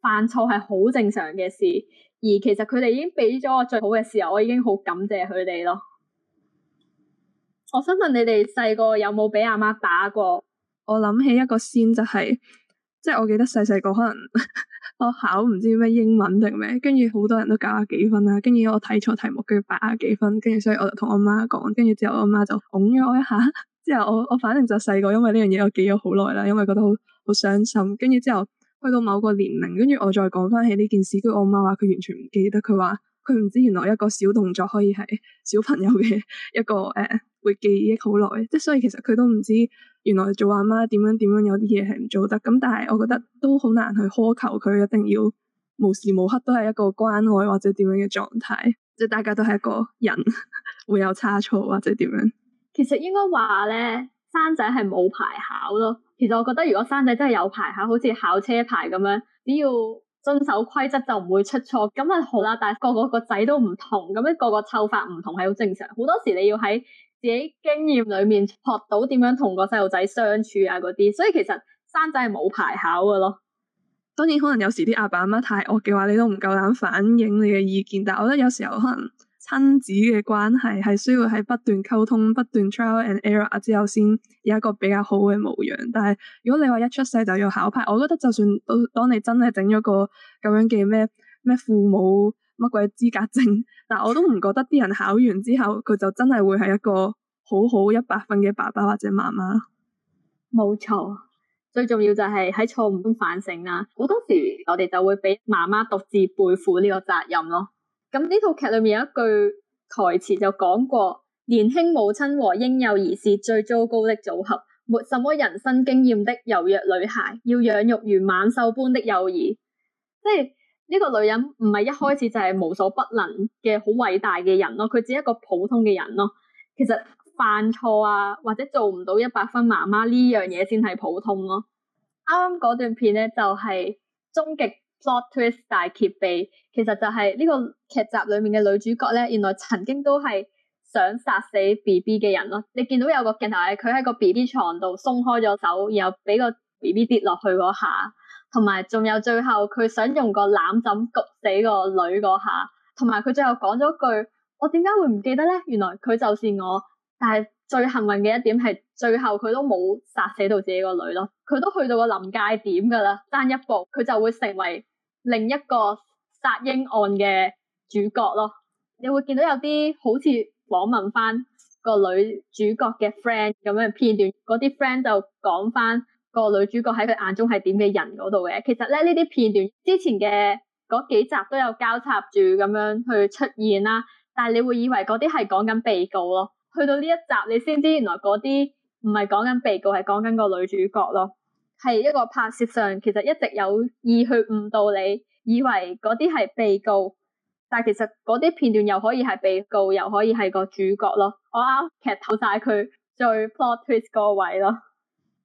犯錯係好正常嘅事。而其實佢哋已經俾咗我最好嘅時候，我已經好感謝佢哋咯。我想問你哋細個有冇俾阿媽打過？我諗起一個先就係，即係我記得細細個可能 我考唔知咩英文定咩，跟住好多人都減咗幾分啦。跟住我睇錯題目，跟住減咗幾分，跟住所以我就同我媽講，跟住之後我媽就擁咗我一下。之後我我反正就細個，因為呢樣嘢我記咗好耐啦，因為覺得好好傷心。跟住之後，去到某個年齡，跟住我再講翻起呢件事，跟住我媽話佢完全唔記得，佢話佢唔知原來一個小動作可以係小朋友嘅一個誒、呃、會記憶好耐，即係所以其實佢都唔知原來做阿媽點樣點樣有啲嘢係唔做得，咁但係我覺得都好難去苛求佢一定要無時無刻都係一個關愛或者點樣嘅狀態，即係大家都係一個人會有差錯或者點樣，其實應該話咧。生仔係冇牌考咯，其實我覺得如果生仔真係有牌考，好似考車牌咁樣，只要遵守規則就唔會出錯，咁係好啦。但係個個個仔都唔同，咁樣個個湊法唔同係好正常。好多時你要喺自己經驗裏面學到點樣同個細路仔相處啊嗰啲，所以其實生仔係冇牌考噶咯。當然可能有時啲阿爸阿媽太惡嘅話，你都唔夠膽反映你嘅意見，但係我覺得有時候可能。親子嘅關係係需要喺不斷溝通、不斷 trial and error 之後，先有一個比較好嘅模樣。但係如果你話一出世就要考牌，我覺得就算當你真係整咗個咁樣嘅咩咩父母乜鬼資格證，但係我都唔覺得啲人考完之後佢就真係會係一個好好一百分嘅爸爸或者媽媽。冇錯，最重要就係喺錯誤中反省啦。好多時我哋就會俾媽媽獨自背負呢個責任咯。咁呢套劇裏面有一句台詞就講過，年輕母親和嬰幼兒是最糟糕的組合。沒什麼人生經驗的柔弱女孩，要養育如猛獸般的幼兒，即係呢、這個女人唔係一開始就係無所不能嘅好偉大嘅人咯，佢只係一個普通嘅人咯。其實犯錯啊，或者做唔到一百分媽媽呢樣嘢，先係普通咯、啊。啱啱嗰段片咧，就係、是、終極。《Plot Twist》大揭秘，其實就係呢個劇集裡面嘅女主角咧，原來曾經都係想殺死 B B 嘅人咯。你見到有個鏡頭係佢喺個 B B 床度鬆開咗手，然後俾個 B B 跌落去嗰下，同埋仲有最後佢想用個攬枕焗死個女嗰下，同埋佢最後講咗句：我點解會唔記得咧？原來佢就是我。但係最幸運嘅一點係，最後佢都冇殺死到自己個女咯。佢都去到個臨界點㗎啦，爭一步佢就會成為。另一個殺嬰案嘅主角咯，你會見到有啲好似訪問翻個女主角嘅 friend 咁樣片段，嗰啲 friend 就講翻個女主角喺佢眼中係點嘅人嗰度嘅。其實咧，呢啲片段之前嘅嗰幾集都有交叉住咁樣去出現啦，但係你會以為嗰啲係講緊被告咯，去到呢一集你先知原來嗰啲唔係講緊被告，係講緊個女主角咯。係一個拍攝上，其實一直有意去誤導你，以為嗰啲係被告，但其實嗰啲片段又可以係被告，又可以係個主角咯。我啱劇透晒佢最 plot twist 嗰位咯。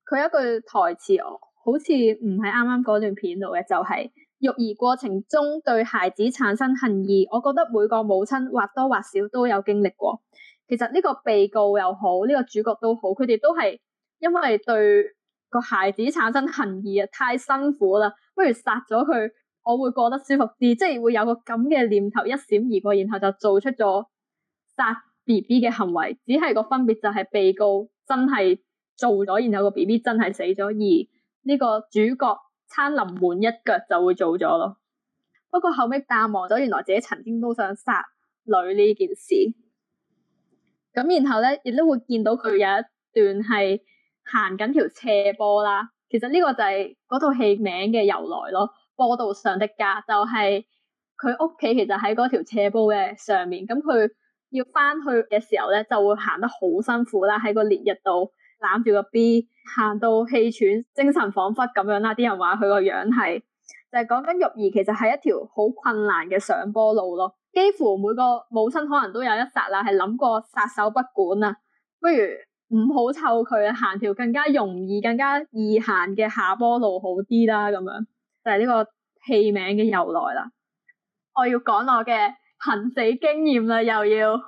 佢一句台詞，好似唔係啱啱嗰段片度嘅，就係、是、育兒過程中對孩子產生恨意。我覺得每個母親或多或少都有經歷過。其實呢個被告又好，呢、這個主角都好，佢哋都係因為對。個孩子產生恨意啊，太辛苦啦，不如殺咗佢，我會過得舒服啲，即係會有個咁嘅念頭一閃而過，然後就做出咗殺 B B 嘅行為，只係個分別就係被告真係做咗，然後個 B B 真係死咗，而呢個主角差臨門一腳就會做咗咯。不過後尾淡忘咗，原來自己曾經都想殺女呢件事。咁然後咧，亦都會見到佢有一段係行緊條斜坡啦，其實呢個就係嗰套戲名嘅由來咯。坡道上的家就係佢屋企，其實喺嗰條斜坡嘅上面。咁佢要翻去嘅時候咧，就會行得好辛苦啦。喺個烈日度攬住個 B 行到氣喘、精神恍惚咁樣啦。啲人話佢個樣係就係講緊育兒，其實係一條好困難嘅上坡路咯。幾乎每個母親可能都有一剎那係諗過撒手不管啊，不如唔好湊佢啊，行條更加容易、更加易行嘅下坡路好啲啦，咁樣就係、是、呢個戲名嘅由來啦。我要講我嘅瀕死經驗啦，又要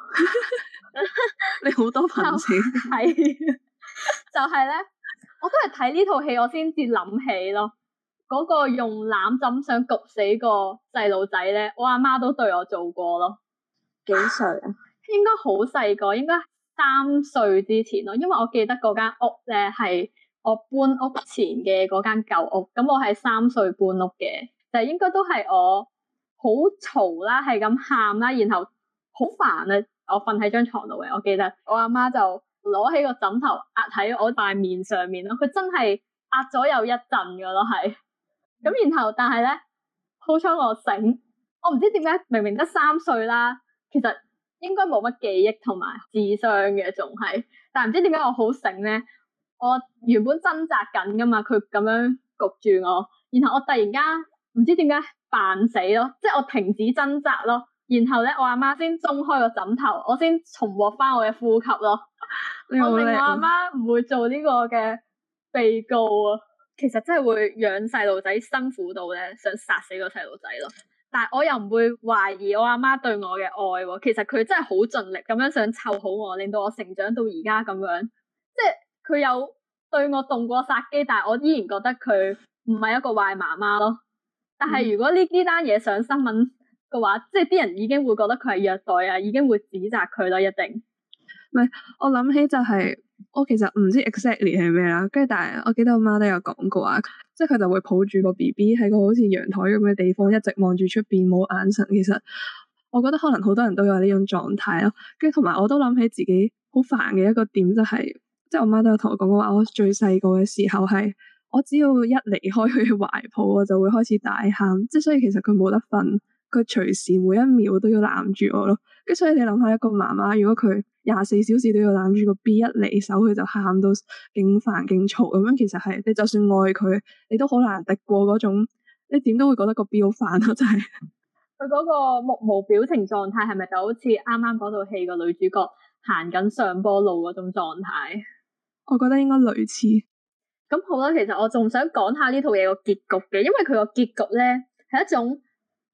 你好多行死係，就係咧，我都係睇呢套戲，我先至諗起咯。嗰、那個用攬枕想焗死個細路仔咧，我阿媽都對我做過咯。幾歲啊？應該好細個，應該。三歲之前咯，因為我記得嗰間屋咧，係我搬屋前嘅嗰間舊屋，咁我係三歲搬屋嘅，但應該都係我好嘈啦，係咁喊啦，然後好煩啊，我瞓喺張床度嘅，我記得我阿媽，媽就攞起個枕頭壓喺我塊面上面咯，佢真係壓咗有一陣噶咯，係咁然後但係咧，鋪出我醒，我唔知點解明明得三歲啦，其實。應該冇乜記憶同埋智商嘅，仲係，但係唔知點解我好醒咧。我原本掙扎緊噶嘛，佢咁樣焗住我，然後我突然間唔知點解扮死咯，即係我停止掙扎咯。然後咧，我阿媽先鬆開個枕頭，我先重獲翻我嘅呼吸咯。我令我阿媽唔會做呢個嘅被告啊！其實真係會養細路仔辛苦到咧，想殺死個細路仔咯。但係我又唔會懷疑我阿媽對我嘅愛，其實佢真係好盡力咁樣想湊好我，令到我成長到而家咁樣。即係佢有對我動過殺機，但係我依然覺得佢唔係一個壞媽媽咯。但係如果呢單嘢上新聞嘅話，嗯、即係啲人已經會覺得佢係虐待啊，已經會指責佢咯，一定。唔係，我諗起就係、是、我其實唔知 exactly 係咩啦，跟住但係我記得我媽都有講過啊。即係佢就會抱住個 BB 喺個好似陽台咁嘅地方一直望住出邊，冇眼神。其實我覺得可能好多人都有呢種狀態咯。跟住同埋我都諗起自己好煩嘅一個點就係、是，即係我媽都有同我講過話，我最細個嘅時候係我只要一離開佢懷抱，我就會開始大喊，即係所以其實佢冇得瞓，佢隨時每一秒都要攬住我咯。跟住所以你諗下一個媽媽如果佢。廿四小時都要攬住個 B，一離手，佢就喊到勁煩勁嘈咁樣。其實係你就算愛佢，你都好難敵過嗰種。你點都會覺得個 B 好煩咯，真係。佢嗰個目無表情狀態，係咪就好似啱啱嗰套戲個女主角行緊上坡路嗰種狀態？我覺得應該類似。咁好啦，其實我仲想講下呢套嘢個結局嘅，因為佢個結局咧係一種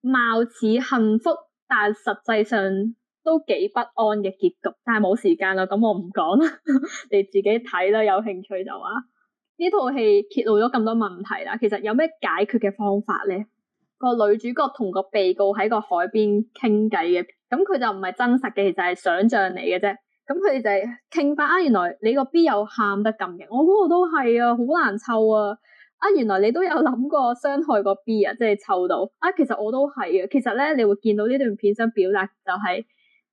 貌似幸福，但實際上。都幾不安嘅結局，但係冇時間啦，咁我唔講啦， 你自己睇啦，有興趣就話呢套戲揭露咗咁多問題啦，其實有咩解決嘅方法咧？個女主角同個被告喺個海邊傾偈嘅，咁佢就唔係真實嘅，其實係想象嚟嘅啫。咁佢哋就係傾翻啊， 原來你個 B 又喊得咁嘅，我嗰、哦那個都係啊，好難湊啊！啊，原來你都有諗過傷害個 B 啊，即係湊到啊，其實我都係啊。其實咧，你會見到呢段片想表達就係、是。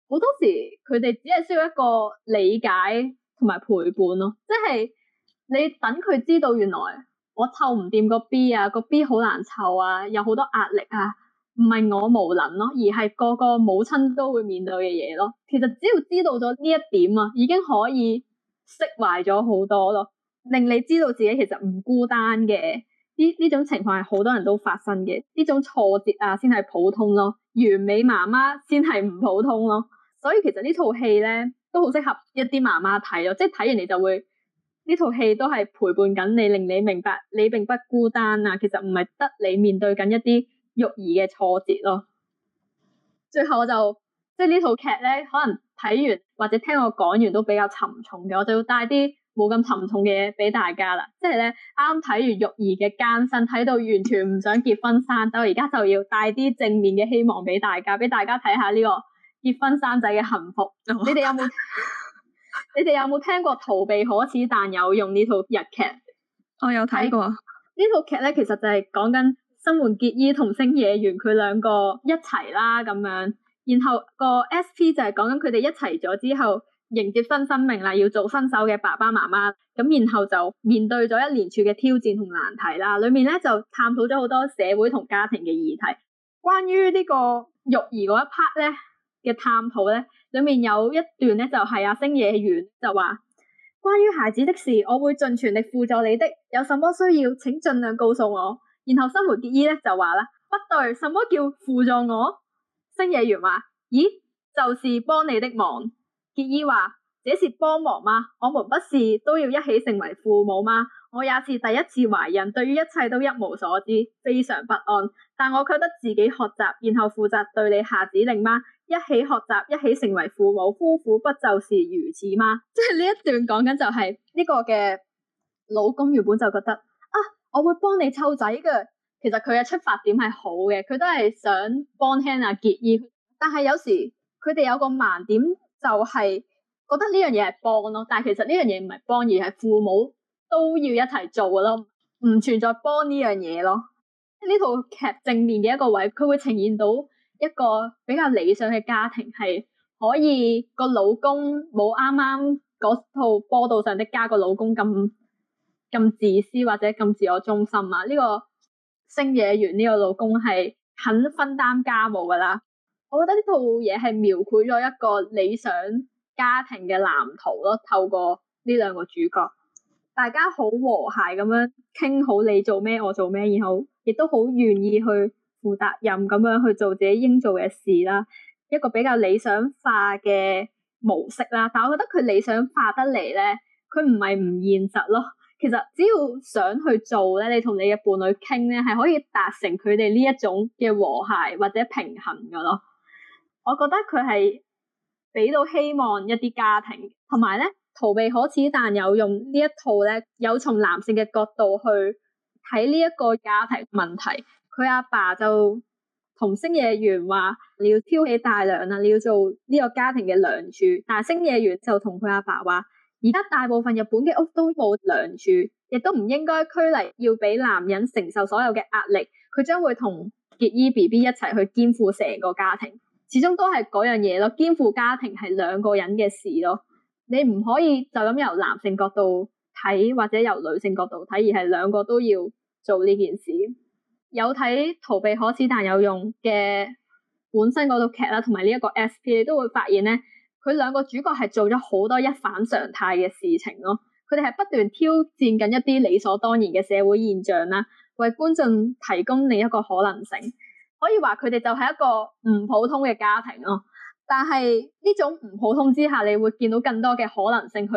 好多時佢哋只係需要一個理解同埋陪伴咯，即係你等佢知道原來我湊唔掂個 B 啊，個 B 好難湊啊，有好多壓力啊，唔係我無能咯，而係個個母親都會面對嘅嘢咯。其實只要知道咗呢一點啊，已經可以釋懷咗好多咯，令你知道自己其實唔孤單嘅。呢呢種情況係好多人都發生嘅，呢種挫折啊先係普通咯，完美媽媽先係唔普通咯。所以其實呢套戲咧都好適合一啲媽媽睇咯，即係睇完你就會呢套戲都係陪伴緊你，令你明白你並不孤單啊。其實唔係得你面對緊一啲育兒嘅挫折咯。最後我就即係呢套劇咧，可能睇完或者聽我講完都比較沉重嘅，我就要帶啲冇咁沉重嘅嘢俾大家啦。即係咧啱睇完育兒嘅艱辛，睇到完全唔想結婚生仔，而家就要帶啲正面嘅希望俾大家，俾大家睇下呢個。結婚生仔嘅幸福，哦、你哋有冇？ 你哋有冇聽過逃避可恥但有用呢套日劇？我有睇過，係呢套劇咧，其實就係講緊新垣結衣同星野源佢兩個一齊啦咁樣，然後個 S P 就係講緊佢哋一齊咗之後迎接新生，生命啦，要做新手嘅爸爸媽媽，咁然後就面對咗一連串嘅挑戰同難題啦。裏面咧就探討咗好多社會同家庭嘅議題，關於呢個育兒嗰一 part 咧。嘅探討咧，裏面有一段咧、啊，就係阿星野源就話：關於孩子的事，我會盡全力輔助你的，有什麼需要請盡量告訴我。然後生活結衣咧就話啦：不對，什麼叫輔助我？星野源話：咦，就是幫你的忙。結衣話：這是幫忙嗎？我們不是都要一起成為父母嗎？我也是第一次懷孕，對於一切都一無所知，非常不安。但我覺得自己學習，然後負責對你下指令嗎？一起學習，一起成為父母，夫婦不就是如此嗎？即係呢一段講緊就係呢個嘅老公原本就覺得啊，我會幫你湊仔嘅。其實佢嘅出發點係好嘅，佢都係想幫輕阿結衣。但係有時佢哋有個盲點就係覺得呢樣嘢係幫咯，但係其實呢樣嘢唔係幫而係父母都要一齊做噶咯，唔存在幫呢樣嘢咯。呢套劇正面嘅一個位，佢會呈現到。一個比較理想嘅家庭係可以個老公冇啱啱嗰套波道上的家個老公咁咁自私或者咁自我中心啊，呢個星野源呢個老公係肯分擔家務噶啦，我覺得呢套嘢係描繪咗一個理想家庭嘅藍圖咯。透過呢兩個主角，大家好和諧咁樣傾好你做咩我做咩，然後亦都好願意去。負責任咁樣去做自己應做嘅事啦，一個比較理想化嘅模式啦。但我覺得佢理想化得嚟咧，佢唔係唔現實咯。其實只要想去做咧，你同你嘅伴侶傾咧，係可以達成佢哋呢一種嘅和諧或者平衡噶咯。我覺得佢係俾到希望一啲家庭，同埋咧逃避可恥但有用呢一套咧，有從男性嘅角度去睇呢一個家庭問題。佢阿爸就同星野源話：你要挑起大梁啦，你要做呢個家庭嘅梁柱。但係星野源就同佢阿爸話：而家大部分日本嘅屋都冇梁柱，亦都唔應該拘泥要俾男人承受所有嘅壓力。佢將會同結衣 BB 一齊去肩負成個家庭。始終都係嗰樣嘢咯，肩負家庭係兩個人嘅事咯。你唔可以就咁由男性角度睇，或者由女性角度睇，而係兩個都要做呢件事。有睇逃避可恥但有用嘅本身嗰套劇啦，同埋呢一個 SP，你都會發現咧，佢兩個主角係做咗好多一反常態嘅事情咯，啊。佢哋係不斷挑戰緊一啲理所當然嘅社會現象啦，啊，為觀眾提供另一個可能性。可以話佢哋就係一個唔普通嘅家庭咯，啊。但係呢種唔普通之下，你會見到更多嘅可能性去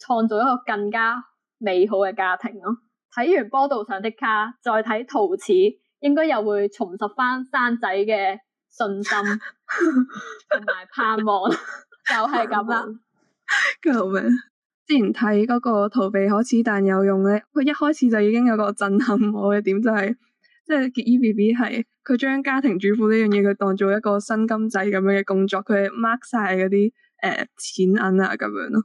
創造一個更加美好嘅家庭咯，啊。睇完坡道上的家，再睇逃恥，應該又會重拾翻生仔嘅信心同埋盼望， 就係咁啦。救命！之前睇嗰個逃避可恥但有用咧，佢一開始就已經有個震撼我嘅點，就係即係結衣 B B 係佢將家庭主婦呢樣嘢，佢當做一個新金仔咁樣嘅工作，佢 mark 晒嗰啲誒錢銀啊咁樣咯。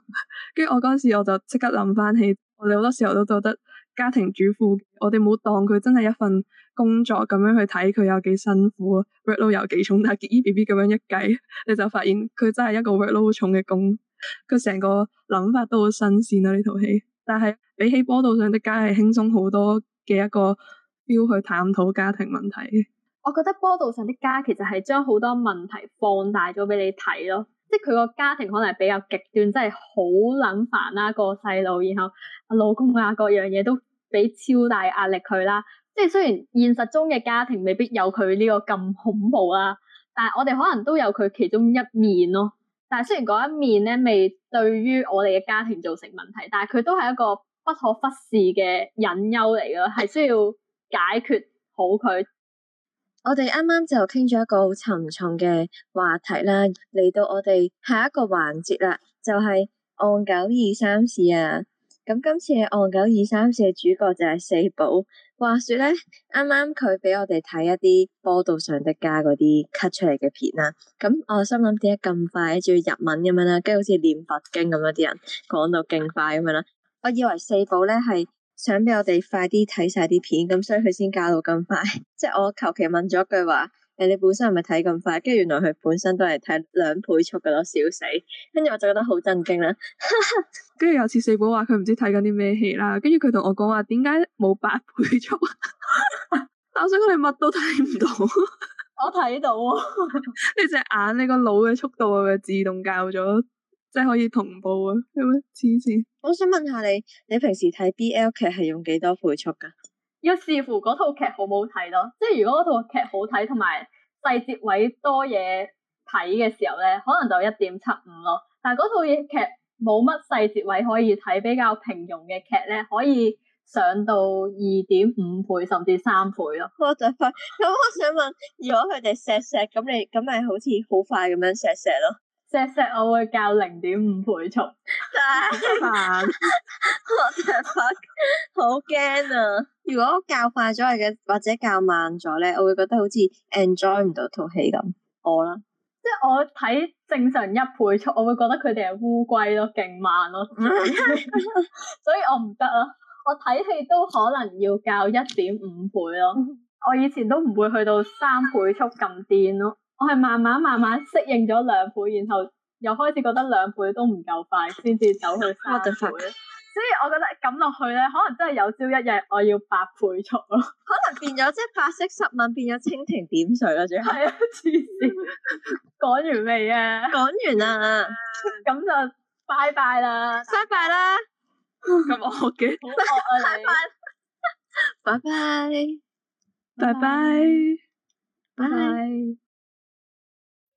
跟住我嗰時我就即刻諗翻起，我哋好多時候都覺得。家庭主婦，我哋冇當佢真係一份工作咁樣去睇佢有幾辛苦啊，workload 有幾重，但係結衣 BB 咁樣一計，你就發現佢真係一個 workload 好重嘅工，佢成個諗法都好新鮮啊！呢套戲，但係比起坡道上的家係輕鬆好多嘅一個標去探討家庭問題。我覺得坡道上的家其實係將好多問題放大咗俾你睇咯，即係佢個家庭可能係比較極端，真係好撚煩啦個細路，然後老公啊各樣嘢都。俾超大壓力佢啦，即係雖然現實中嘅家庭未必有佢呢個咁恐怖啦，但係我哋可能都有佢其中一面咯。但係雖然嗰一面咧未對於我哋嘅家庭造成問題，但係佢都係一個不可忽視嘅隱憂嚟咯係需要解決好佢。我哋啱啱就傾咗一個好沉重嘅話題啦，嚟到我哋下一個環節啦，就係案九二三事啊！咁今次《岸久二三事》嘅主角就係四寶。話說咧，啱啱佢俾我哋睇一啲坡道上的家嗰啲 cut 出嚟嘅片啦。咁我心諗點解咁快，仲要日文咁樣啦，跟住好似念佛經咁樣啲人講到勁快咁樣啦。我以為四寶咧係想俾我哋快啲睇曬啲片，咁所以佢先加到咁快。即係我求其問咗句話。你本身係咪睇咁快？跟住原來佢本身都係睇兩倍速噶咯，笑死！跟住我就覺得好震驚啦。 跟住有次四寶話佢唔知睇緊啲咩戲啦，跟住佢同我講話點解冇八倍速？ 我想講你乜都睇唔到。 我睇到 你，你隻眼、你個腦嘅速度啊，自動校咗，即係可以同步啊，咁黐線。我想問下你，你平時睇 BL 劇係用幾多倍速噶？要視乎嗰套劇好唔好睇咯，即係如果套劇好睇同埋細節位多嘢睇嘅時候咧，可能就一點七五咯。但係嗰套劇冇乜細節位可以睇，比較平庸嘅劇咧，可以上到二點五倍甚至三倍咯。我就快咁，我想問，如果佢哋錫錫，咁你咁咪好似好快咁樣錫錫咯？即係我會較零點五倍速， 我真係好驚啊！ 如果較快咗嘅，或者較慢咗咧，我會覺得好似 enjoy 唔到套戲咁。我啦，即係我睇正常一倍速，我會覺得佢哋係烏龜咯，勁慢咯，所以我唔得啦。我睇戲都可能要較一點五倍咯，我以前都唔會去到三倍速咁癲咯。 我係慢慢慢慢適應咗兩倍，然後又開始覺得兩倍都唔夠快，先至走去三倍。所以我覺得咁落去咧，可能真係有朝一日我要八倍速咯。可能變咗即係百色十蚊變咗蜻蜓點水啦，最係。係啊，黐線。講完未啊？講完啦，咁、嗯、就拜拜啦。拜拜啦。咁我嘅拜拜。拜拜。拜拜。拜。